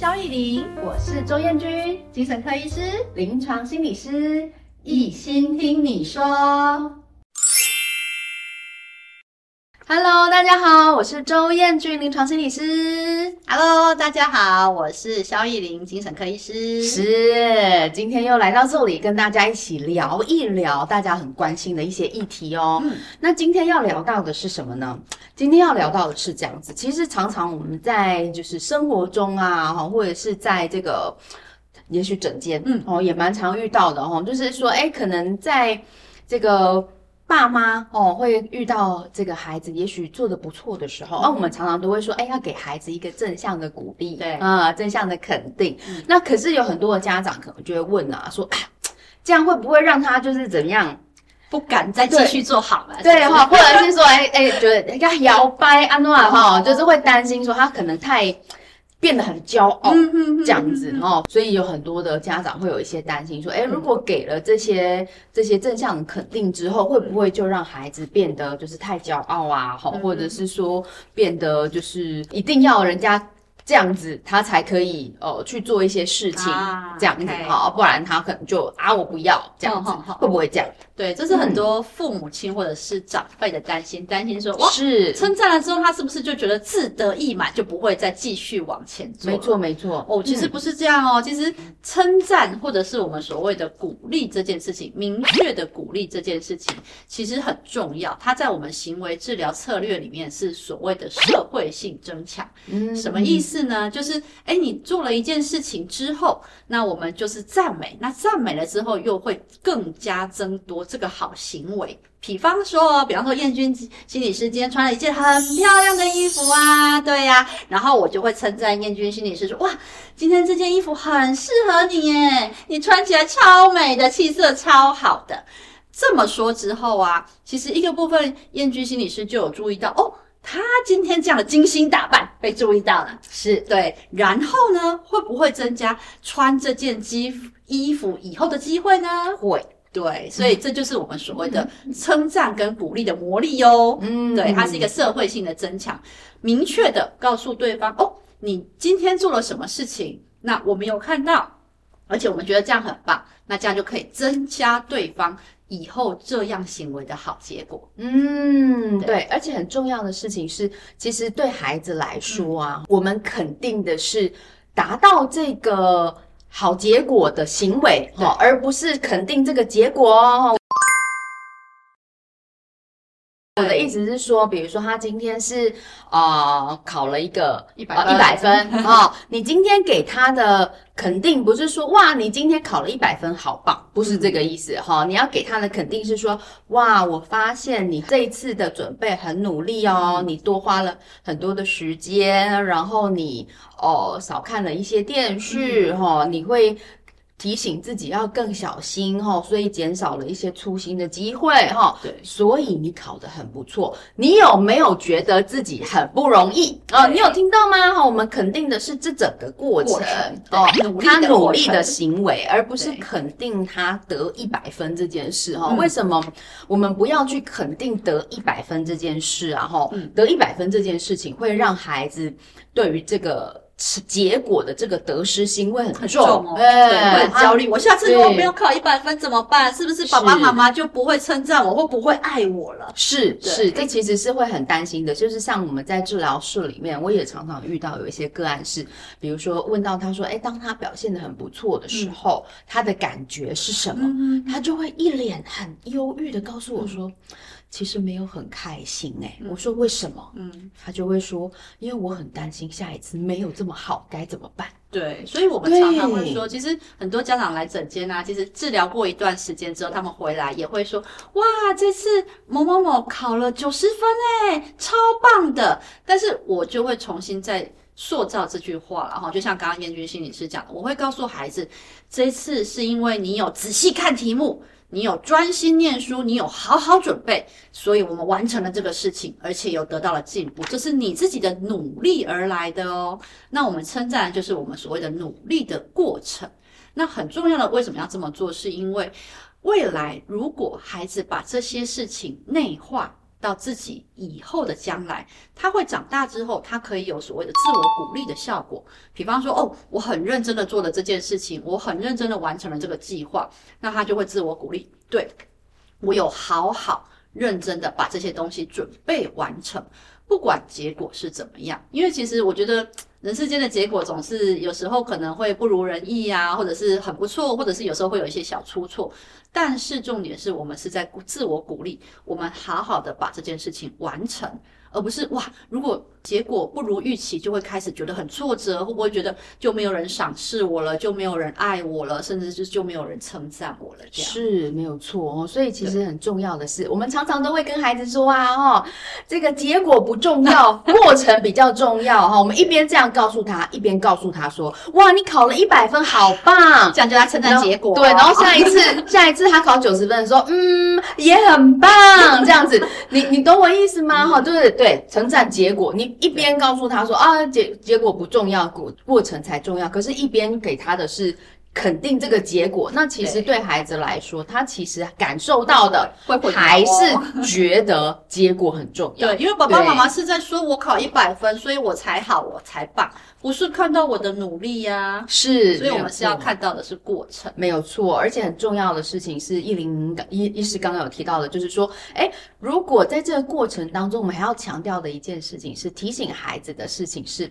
蕭亦伶，我是周彥君，精神科醫師、臨床心理師，醫心聽你說。Hello，大家好，我是周彥君，臨床心理師。Hello，大家好，我是蕭亦伶，精神科醫師。是，今天又來到這裡跟大家一起聊一聊大家很關心的一些議題哦。嗯、那今天要聊到的是什麼呢？今天要聊到的是這樣子，其實常常我們在就是生活中啊，或者是在這個，也許診間，嗯，哦，也蠻常遇到的哦，就是說，哎、欸，可能在這個。爸媽哦，會遇到這個孩子也許做得不錯的時候，嗯、那我們常常都會說，哎，要給孩子一個正向的鼓勵，對啊、嗯，正向的肯定。嗯、那可是有很多的家長可能就會問啊，說哎，這樣會不會讓他就是怎樣不敢再繼續做好了？對的話，或者是說，哎哎，覺得要搖擺安那的哦，就是會擔心說他可能太。變得很驕傲這樣子哦。所以有很多的家長會有一些擔心，說：誒，如果給了這些這些正向肯定之後，會不會就讓孩子變得就是太驕傲啊？好，或者是說變得就是一定要人家。這樣子他才可以呃、哦、去做一些事情，啊、這樣子哈 okay.，不然他可能就啊我不要這樣子，會、嗯嗯嗯、不會這樣？對，這是很多父母親或者是長輩的擔心，擔、嗯、心說哇、哦、是稱讚了之後，他是不是就覺得志得意滿，就不會再繼續往前做？沒錯沒錯，哦其實不是這樣哦，嗯、其實稱讚或者是我們所謂的鼓勵這件事情，明確的鼓勵這件事情其實很重要，它在我們行為治療策略裡面是所謂的社會性增強，嗯，什麼意思？嗯是呢，就是誒、欸、你做了一件事情之後，那我們就是讚美，那讚美了之後又會更加增多這個好行為。比方說，比方說彥君心理師今天穿了一件很漂亮的衣服啊，對呀、啊，然後我就會稱讚彥君心理師說：“哇，今天這件衣服很適合你耶，你穿起來超美的，氣色超好的。”這麼說之後啊，其實一個部分彥君心理師就有注意到哦。他今天這樣的精心打扮被注意到了，是對。然後呢，會不會增加穿這件衣服以後的機會呢？會，對，所以這就是我們所謂的稱讚跟鼓勵的魔力喲、哦。嗯，對，它是一個社會性的增強，明確的告訴對方：哦，你今天做了什麼事情？那我們有看到，而且我們覺得這樣很棒，那這樣就可以增加對方。以後這樣行為的好結果，嗯，對、對，而且很重要的事情是，其實對孩子來說啊，嗯、我們肯定的是達到這個好結果的行為，對而不是肯定這個結果哦。我的意思是說，比如說他今天是啊、呃、考了一個一百一百分，你今天給他的肯定不是說，哇，你今天考了一百分好棒，不是這個意思哈、嗯哦。你要給他的肯定是說，哇，我發現你這一次的準備很努力哦，嗯、你多花了很多的時間，然後你哦少看了一些電視、嗯哦、你會。提醒自己要更小心哈、哦，所以減少了一些粗心的機會哈。哦、對，所以你考得很不錯。你有沒有覺得自己很不容易啊？哦、對你有聽到嗎？哈，我們肯定的是這整個過程，過程哦，他努力的過程，他努力的行為，而不是肯定他得一百分這件事哈。對為什麼我們不要去肯定得一百分這件事啊？哈、嗯，得一百分這件事情會讓孩子對於這個。結果的這個得失心會很重，對，會很焦慮。啊、我下次如果沒有考一百分怎麼辦？對是不是爸爸媽媽就不會稱讚我，是或不會愛我了？是對是，這其實是會很擔心的。就是像我們在治療室裡面，我也常常遇到有一些個案是，比如說問到他說：“哎，當他表現得很不錯的時候，嗯、他的感覺是什麼？”嗯嗯、他就會一臉很憂鬱地告訴我說。其實沒有很開心哎、欸，我說為什麼？嗯，嗯他就會說，因為我很擔心下一次沒有這麼好該怎麼辦？對，所以我們常常會說，對 其實很多家長來診間啊，其實治療過一段時間之後，他們回來也會說，哇，這次某某某考了九十分哎、欸，超棒的，但是我就會重新再。塑造這句話了哈，然後就像剛剛彥君心理師講的，我會告訴孩子，這次是因為你有仔細看題目，你有專心念書，你有好好準備，所以我們完成了這個事情，而且又得到了進步，這是你自己的努力而來的哦。那我們稱讚的就是我們所謂的努力的過程。那很重要的，為什麼要這麼做？是因為未來如果孩子把這些事情內化。到自己以後的將來，他會長大之後，他可以有所謂的自我鼓勵的效果。比方說，哦，我很認真的做了這件事情，我很認真的完成了這個計劃，那他就會自我鼓勵。對，我有好好認真的把這些東西準備完成，不管結果是怎麼樣。因為其實我覺得。人世間的結果總是有時候可能會不如人意啊，或者是很不錯，或者是有時候會有一些小出錯。但是重點是我們是在自我鼓勵，我們好好的把這件事情完成。而不是哇，如果結果不如預期，就會開始覺得很挫折，會不會覺得就沒有人賞識我了，就沒有人愛我了，甚至是就沒有人稱讚我了？這樣是沒有錯哦。所以其實很重要的是，對我們常常都會跟孩子說啊，哈、哦，這個結果不重要，過程比較重要哈、哦。我們一邊這樣告訴他， 一邊告訴他說，哇，你考了一百分，好棒！這樣叫他稱讚結果，對。然後下一次，哦、下一次他考九十分的時候，嗯，也很棒。這樣子，你你懂我意思嗎？哈、 哦，是。對，稱讚結果，你一邊告訴他說對啊，結結果不重要，過過程才重要，可是一邊給他的是肯定這個結果，嗯、那其實對孩子來說，對他其實感受到的對還是覺得結果很重要。對、對，因為爸爸媽媽是在說“我考一百分，對所以我才好，我才棒”，不是看到我的努力呀、啊。是，所以，我們是要看到的是過程，沒有、沒有錯。而且很重要的事情是亦伶，亦伶醫師剛剛有提到的，就是說，哎，如果在這個過程當中，我們還要強調的一件事情是提醒孩子的事情是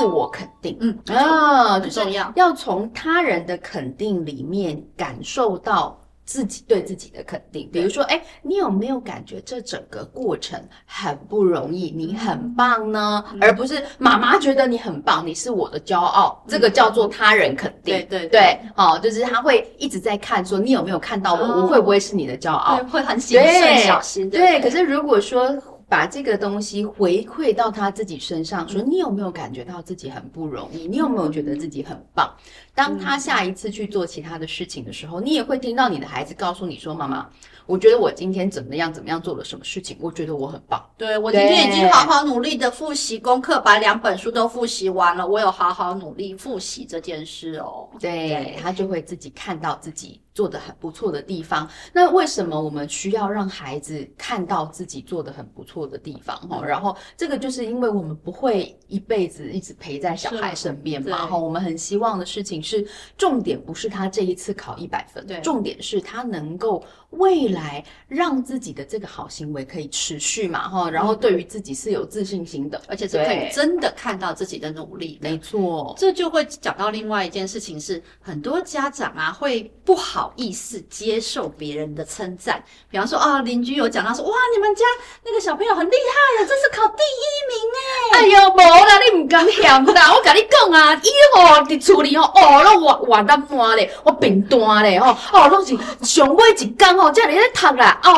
自我肯定。嗯，啊，很重要，要從他人。的肯定裡面，感受到自己對自己的肯定。比如說，哎、欸，你有沒有感覺這整個過程很不容易？你很棒呢，嗯、而不是媽媽覺得你很棒，你是我的驕傲。嗯、這個叫做他人肯定，嗯、對對對，哦、呃，就是他會一直在看，說你有沒有看到我？我、哦、會不會是你的驕傲？會很謹慎對小心。對，對，可是如果說。把這個東西回饋到他自己身上，說，你有沒有感覺到自己很不容易？嗯、你有沒有覺得自己很棒？嗯、當他下一次去做其他的事情的時候，嗯、你也會聽到你的孩子告訴你說：“嗯、媽媽，我覺得我今天怎麼樣怎麼樣做了什麼事情，我覺得我很棒。對”對，我今天已經好好努力的複習功課，把兩本書都複習完了，我有好好努力複習這件事哦。對，對他就會自己看到自己做的很不錯的地方，那為什麼我們需要讓孩子看到自己做的很不錯的地方？哦、嗯，然後這個就是因為我們不會一輩子一直陪在小孩身邊嘛，哈、啊哦。我們很希望的事情是，重點不是他這一次考一百分，對重點是他能夠未來讓自己的這個好行為可以持續嘛，哈。然後對於自己是有自信心的，嗯、而且是可以真的看到自己的努力。對沒錯，這就會講到另外一件事情是，很多家長啊會不好意思接受別人的稱讚，比方說啊，鄰居有講到說，哇，你們家那個小朋友很厲害呀、啊，這是考第一名哎、欸！哎呦，無啦，你唔敢嫌啦，我甲你講啊，伊都學佇厝裡哦，那我玩活那麼我平端嘞吼，哦，攏是熊未成剛哦，叫你在讀啦，哦、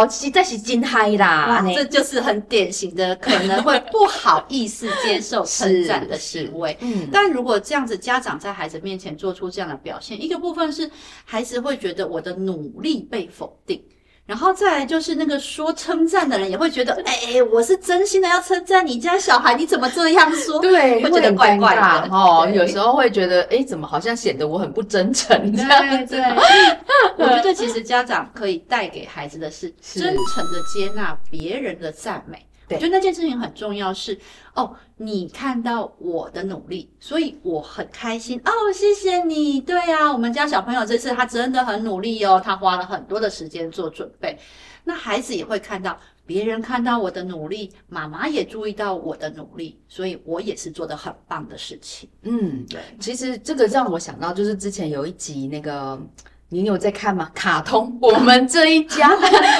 喔，實在是真嗨啦，捏這就是很典型的 可能會不好意思接受稱讚的行為。是嗯，但如果這樣子，家長在孩子面前做出這樣的表現，一個部分是,還是是會覺得我的努力被否定，然後再來就是那個說稱讚的人也會覺得，哎、欸、哎，我是真心的要稱讚你家小孩，你怎麼這樣說？對，會覺得怪怪的哈。對對有時候會覺得，哎、欸，怎麼好像顯得我很不真誠，這樣，對對，對，我覺得其實家長可以帶給孩子的是真誠的接納別人的讚美。就對那件事情很重要是，是哦，你看到我的努力，所以我很開心哦，謝謝你。對呀、啊，我們家小朋友這次他真的很努力哦，他花了很多的時間做準備。那孩子也會看到，別人看到我的努力，媽媽也注意到我的努力，所以我也是做得很棒的事情。嗯，對，其實這個讓我想到，就是之前有一集那個。你有在看嗎？卡通《我們這一家》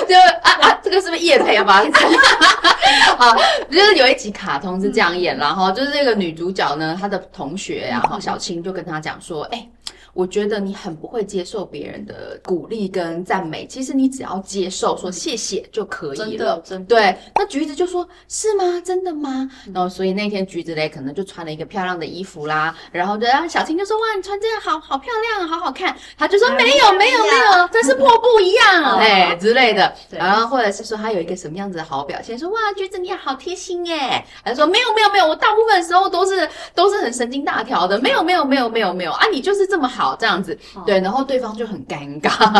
就 啊，啊，這個是不是業配吧？啊 好， 就是有一集卡通是這樣演、嗯、然哈，就是這個女主角呢，她的同學呀、啊、哈，小青就跟她講說，哎、欸。我覺得你很不會接受別人的鼓勵跟讚美，其實你只要接受說謝謝就可以了。真的，真的。對。那橘子就說：“是嗎？真的嗎？”嗯、然後，所以那天橘子嘞可能就穿了一個漂亮的衣服啦，然後，然後小青就說：“哇，你穿這樣好好漂亮啊，好好看。”他就說：“哎呀，沒有，沒有，沒有，這是破布一樣。嗯”哎之類的。對然後，或者是說他有一個什麼樣子的好表現，說：“哇，橘子你好貼心哎。”他說：“沒有，沒有，沒有，我大部分的時候都是都是很神經大條的。沒有，沒有，沒有，沒有，沒有啊，你就是這麼好，這樣子對，然後對方就很尷尬，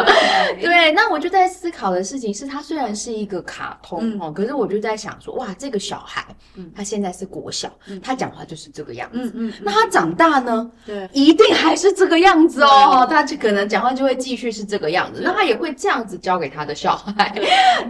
對。那我就在思考的事情是，他雖然是一個卡通哦，可是我就在想說，哇，這個小孩，嗯，他現在是國小，他講話就是這個樣子，嗯嗯。那他長大呢？對，一定還是這個樣子哦，他就可能講話就會繼續是這個樣子，那他也會這樣子教給他的小孩，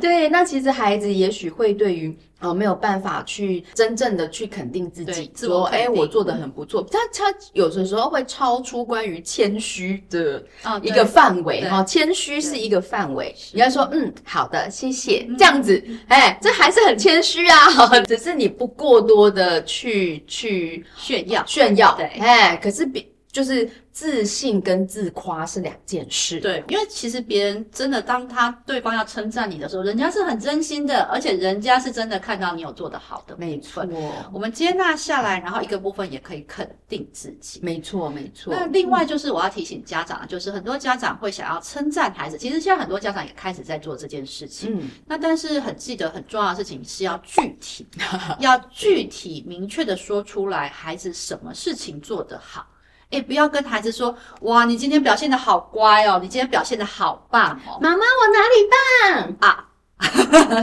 對。那其實孩子也許會對於。哦，沒有辦法去真正的去肯定自己，說，哎，我做的很不錯。他他有的時候會超出關於謙虛的一個範圍。哈，謙虛是一個範圍。你要說嗯，好的，謝謝，這樣子，哎，這還是很謙虛啊。只是你不過多的去去炫耀炫耀。對，哎，可是比。就是自信跟自誇是兩件事。對，因為其實別人真的，當他對方要稱讚你的時候，人家是很真心的，而且人家是真的看到你有做得好的。沒錯，我們接納下來，然後一個部分也可以肯定自己。沒錯，沒錯。那另外就是我要提醒家長，嗯、就是很多家長會想要稱讚孩子，其實現在很多家長也開始在做這件事情。嗯，那但是很記得很重要的事情是要具體， 要具體明確的說出來孩子什麼事情做得好。哎，不要跟孩子說，哇，你今天表現得好乖哦，你今天表現得好棒哦。媽媽，我哪裡棒啊？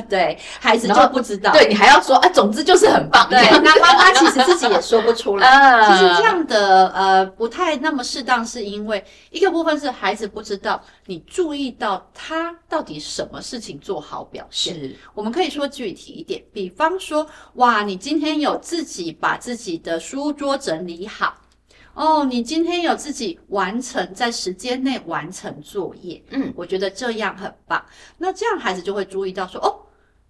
對，孩子就不知道。對，你還要說，啊，總之就是很棒。對，那樣媽媽其實自己也說不出來。 其實這樣的，呃，不太那麼適當，是因為一個部分是孩子不知道，你注意到他到底什麼事情做好表現。是我們可以說具體一點，比方說，哇，你今天有自己把自己的書桌整理好。哦，你今天有自己完成，在時間內完成作業，嗯，我覺得這樣很棒。那這樣孩子就會注意到說，哦，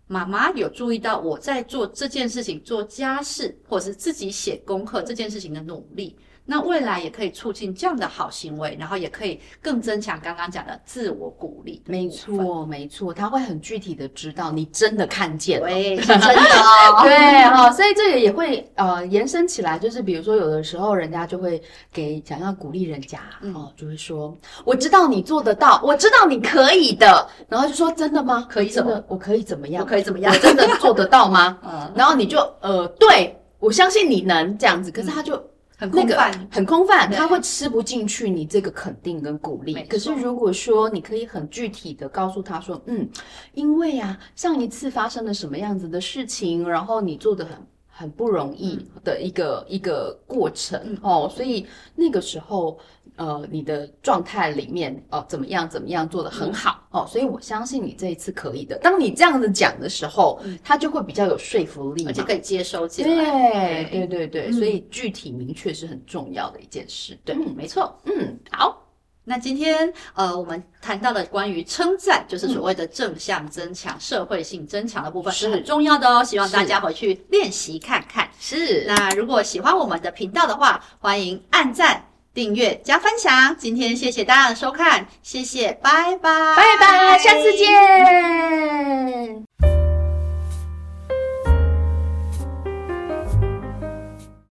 媽媽有注意到我在做這件事情、做家事，或是自己寫功課這件事情的努力。那未來也可以促進這樣的好行為，然後也可以更增強剛剛講的自我鼓勵。沒錯，沒錯，他會很具體的知道你真的看見了，是真的、哦。 對哈、哦，所以這個也會呃延伸起來，就是比如說有的時候人家就會給想要鼓勵人家，嗯、哦，就會、是、說我知道你做得到，我知道你可以的，然後就說真的嗎？嗯、可以怎麼？我可以怎麼樣？我可以怎麼樣？真的做得到嗎？ 嗯，然後你就呃，對我相信你能這樣子，可是他就。嗯很空泛，那個，很空泛，對他會吃不進去你這個肯定跟鼓勵。錯可是如果說你可以很具體的告訴他說，嗯，因為啊，上一次發生了什麼樣子的事情，然後你做的很。很不容易的一個、嗯、一個過程、嗯、哦，所以那個時候呃，你的狀態裡面哦、呃，怎麼樣怎麼樣做得很好、嗯、哦，所以我相信你這一次可以的。當你這樣子講的時候，他、嗯、就會比較有說服力，而且可以接收進來。對、欸、對對對，嗯、所以具體明確是很重要的一件事。對，嗯、沒錯。嗯，好。那今天，呃，我們談到了關於稱讚，就是所謂的正向增強、嗯、社會性增強的部分是很重要的哦。是，希望大家回去練習看看。是，那如果喜歡我們的頻道的話，歡迎按讚、訂閱加分享。今天謝謝大家的收看，謝謝，拜拜，拜拜，下次見。嗯